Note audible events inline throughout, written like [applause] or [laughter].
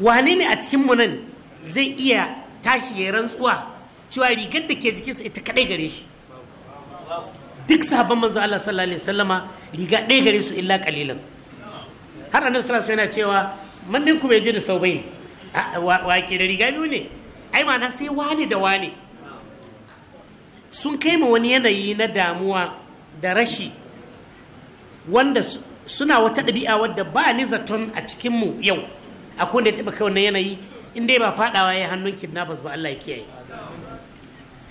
wane ne a cikinmu nan zai iya tashi ya rantsuwa cewa rigar da ke jikinsa ita kadai gare shi duk sabon manzo Allah sallallahu alaihi wasallama riga ɗaya gare su illa kalilan har annabi sallallahu alaihi yana cewa man din ku bai da sau bai wa ke da riga biyu ne ai ma'ana sai wane da wane sun kai ma wani yanayi na damuwa da rashi wanda suna wata ɗabi'a wadda ba ni zaton a cikinmu yau akwai wanda ya taba kai wannan yanayi in dai ba faɗawa ya hannun kidnappers ba Allah ya kiyaye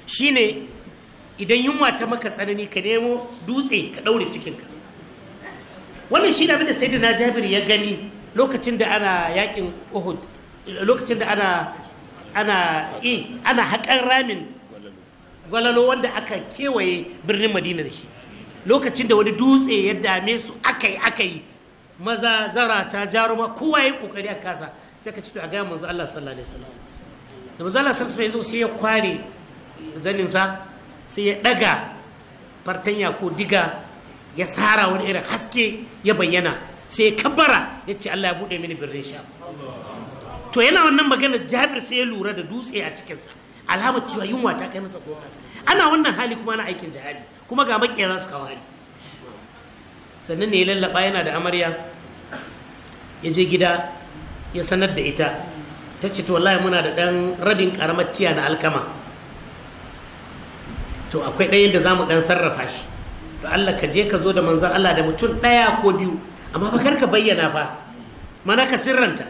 shine idan yunwa ta maka tsanani ka nemo dutse ka ɗaure cikinka wannan shi abin da sayyidina Jabir ya gani lokacin da ana yakin Uhud lokacin da ana ana eh, ana haƙar ramin gwalalo wanda aka kewaye birnin Madina da shi lokacin da wani dutse ya dame su akai akai maza zarata jaruma kowa ya kokari a kasa sai ka ci to a gaya manzo Allah sallallahu alaihi wasallam da manzo Allah sallallahu alaihi wasallam sai ya kware zanin sa sai ya daga fartanya ko diga ya sara wani irin haske ya bayyana sai ya kabbara ya ce Allah ya bude mini birrin sha to yana wannan magana Jabir sai ya lura da dutse a cikinsa sa alhamdulillah yunwa ta kai masa kowa ana wannan hali kuma na aikin jihadi kuma ga makiyar su kawari sannan ne ya lallaba yana da amarya ya je gida ya sanar da ita ta ce to wallahi muna da ɗan rabin ƙaramar tiya na alkama to akwai ɗayan da za mu ɗan sarrafa shi to Allah ka je ka zo da manzon Allah da mutum ɗaya ko biyu amma ba kar ka bayyana ba mana ka sirranta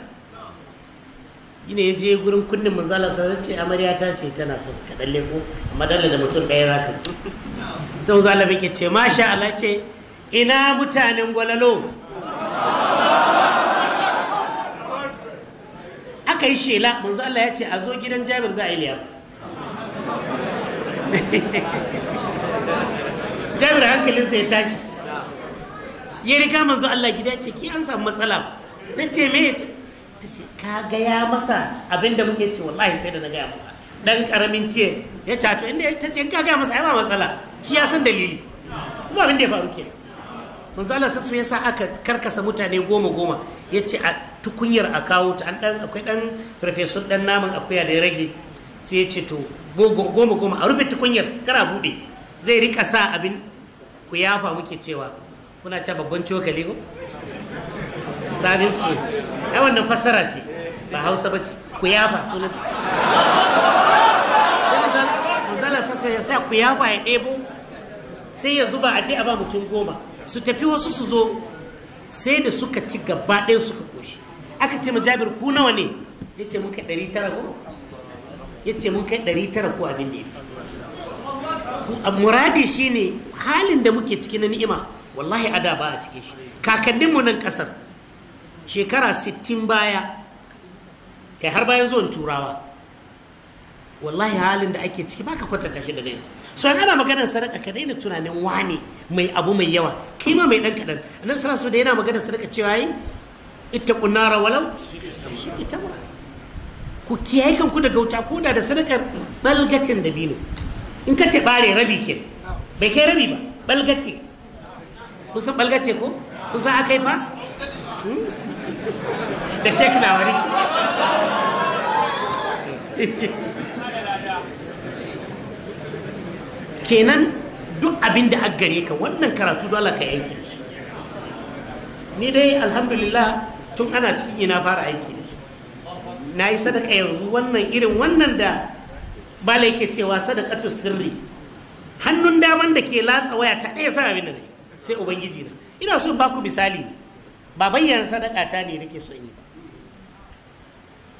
yine ya je gurin kunnin manzon Allah sai ce amarya ta ce tana so ka dalle ko amma dalle da mutum ɗaya za ka zo sai manzon Allah bai ce masha Allah ce ina mutanen gwalalo aka yi shela manzo Allah ya ce a zo gidan jabir za a yi liyafa [laughs] jabir hankalinsa ya tashi ya riga manzo Allah gida ce ki an samu matsala na ce me ya ta ce ka gaya masa abinda muke ce wallahi sai da na gaya masa dan karamin tiye ya cato inda ta ce ka gaya masa ya ba matsala shi ya san dalili kuma abin da ya faru kenan manzo Allah sun sa aka karkasa mutane goma goma ya ce a tukunyar a kawo ta an dan akwai dan farfesun dan naman akuya da ya rage sai ya ce to goma goma a rufe tukunyar kara bude zai rika sa abin ku yafa muke cewa kuna cewa babban cokali ko sabin su ai wannan fassara ce ba hausa ba ce ku yafa sunan sai ya sa ku yafa ya ɗebo sai ya zuba a je a ba mutum goma su tafi wasu su zo sai da suka ci gaba ɗaya suka koshi aka ce majabir ku nawa ne ya ce mun kai ɗari tara ko ya ce muka ɗari tara ko abin da ya fi muradi shi ne halin da muke ciki na ni'ima wallahi ada ba a cikin shi kakanninmu nan ƙasar shekara sittin baya kai har bayan zuwan turawa wallahi halin da ake ciki baka kwatanta shi da yanzu so in ana maganar sadaka ka daina tunanin wane mai abu mai yawa kima mai dan kadan annabi sallallahu alaihi da yana magana sadaka cewa yi ittaqun nara walau ita mura ku kiyaye kanku daga wuta ko da da sadakar balgacin da dabino in ka ce bare rabi ke bai kai rabi ba balgace kusan balgace ko kusan akai fa hmm? da shek na wari [laughs] kenan abin da aka gare ka wannan karatu dole ka yanke shi ni dai alhamdulillah tun ana cikin ina fara aiki da shi na yi sadaka yanzu wannan irin wannan da ba yake cewa sadaka sadakatu sirri hannun daman da ke latsa waya ta ɗaya sa abin da ne sai ubangiji na ina so ku misali ne ba bayyana sadaka ta ne nake so yi ba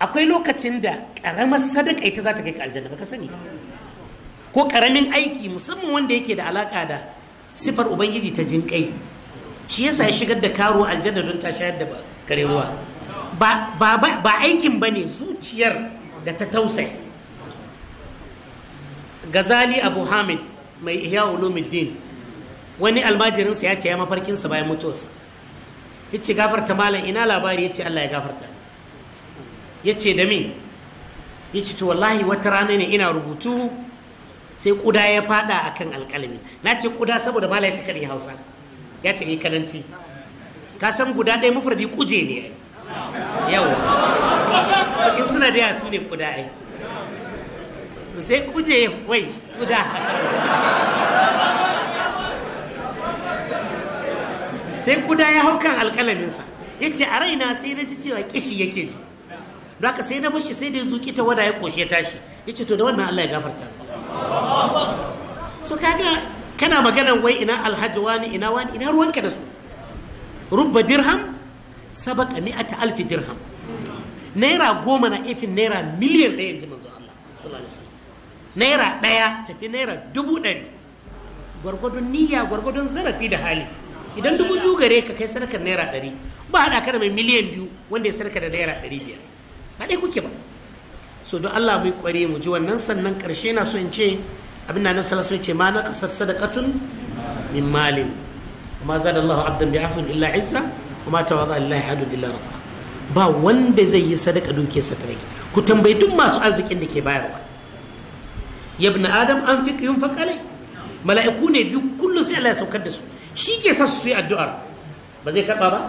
akwai lokacin da ƙaramar sadaka ita za ta kai ka aljanna ba ka sani ko karamin aiki musamman wanda yake da alaka da sifar ubangiji ta jinƙai shi yasa ya shigar da karo aljanna don ta shayar da kare ruwa ba aikin ba ne zuciyar da ta tausasa gazali abu hamid mai ihya ulumuddin wani almajirinsa ya ce ya mafarkinsa bayan mutuwarsa ya ce gafarta malam ina labari ya ce allah ya gafarta ya ce da me ya ce to wallahi wata rana ne ina rubutu sai kuda ya fada kan alkalami na ce kuda saboda mala ya ci kare hausa ya ce yi eh, kananci ka san guda ɗaya mafardi kuje ne yi yau in suna da su ne kuda ai sai kuje wai kuda sai kuda ya hau kan alkalaminsa ya ce a raina sai na ji cewa kishi yake ji don ka sai na bashi sai da ya zuƙi ta wada ya koshe tashi ya ce to da wannan allah ya gafarta so kaga kana maganan wai ina alhaji wani ina wani ina ruwanka da su rubba dirham sabaka mi'ata alfi dirham naira goma na ifin naira miliyan ɗaya ji manzo Allah sallallahu alaihi wasallam naira ɗaya tafi naira dubu ɗari gwargwadon niyya gwargwadon zarafi da hali idan dubu biyu gare ka kai sadakar naira ɗari ba haɗa ka da mai miliyan biyu wanda ya sadaka da naira ɗari biyar ba ɗai kuke ba so don Allah bai kware mu ji wannan sannan karshe na so in ce abin nan sallallahu ce ma na kasar sadakatun min malin ma zada Allah abdan bi afun illa izza kuma ma tawadha lillahi illa rafa ba wanda zai yi sadaka dukiyarsa ta rage ku tambayi duk masu arzikin da ke bayarwa yabna adam an fi yunfaq alai mala'iku ne biyu kullum sai Allah ya saukar da su shi ke sa su yi addu'ar ba zai karba ba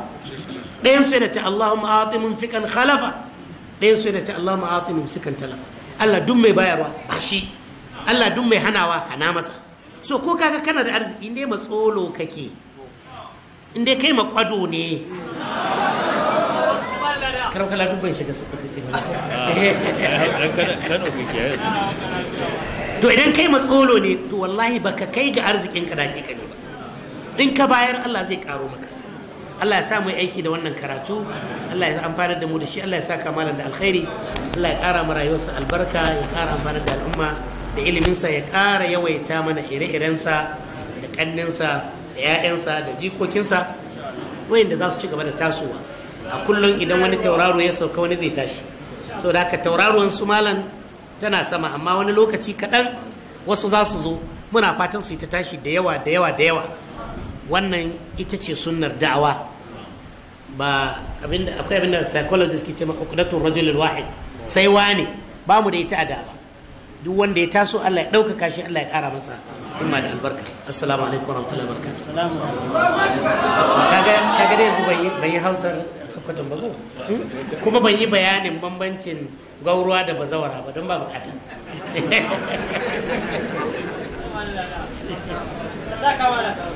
ɗayan su yana ce Allahumma a'ti munfiqan khalafa ɗayan su yana ce Allah ma'atini sukan talafa Allah duk mai bayarwa ba shi Allah duk mai hanawa hana masa so ko kaga kana da arziki inda ma tsolo kake inda kai ma kwado ne karau kala duk bai shiga sukwatin [laughs] to idan kai ma tsolo ne to wallahi baka kai ga arzikin ka da ne ba in ka bayar Allah zai karo maka Allah ya sa mu aiki da wannan karatu Allah ya amfanar da mu da shi Allah ya saka malam da alkhairi Allah ya ƙara rayuwar rayuwarsa albarka ya kara amfanar da al'umma da iliminsa ya kara yawaita mana ire iren sa, da sa da 'ya'yansa da jikokinsa wayanda za su ci gaba da tasowa a kullum idan wani tauraro ya sauka wani zai tashi so da haka tauraruwan su malam tana sama amma wani lokaci kaɗan wasu za su zo muna fatan su yi ta tashi da yawa da yawa da yawa wannan ita ce sunnar da'awa ba abinda akwai abinda psychologist ke ce uqdatul rajul wahid sai wani ba mu da ita a da'awa duk wanda ya taso Allah ya dauka shi Allah ya kara masa imma da albarka assalamu alaikum warahmatullahi wabarakatuh kaga kaga yanzu ban yi hausar sakwatan ba hmm? kuma ban yi bayanin bambancin gauruwa da bazawara ba don ba bukata [laughs] saca barato.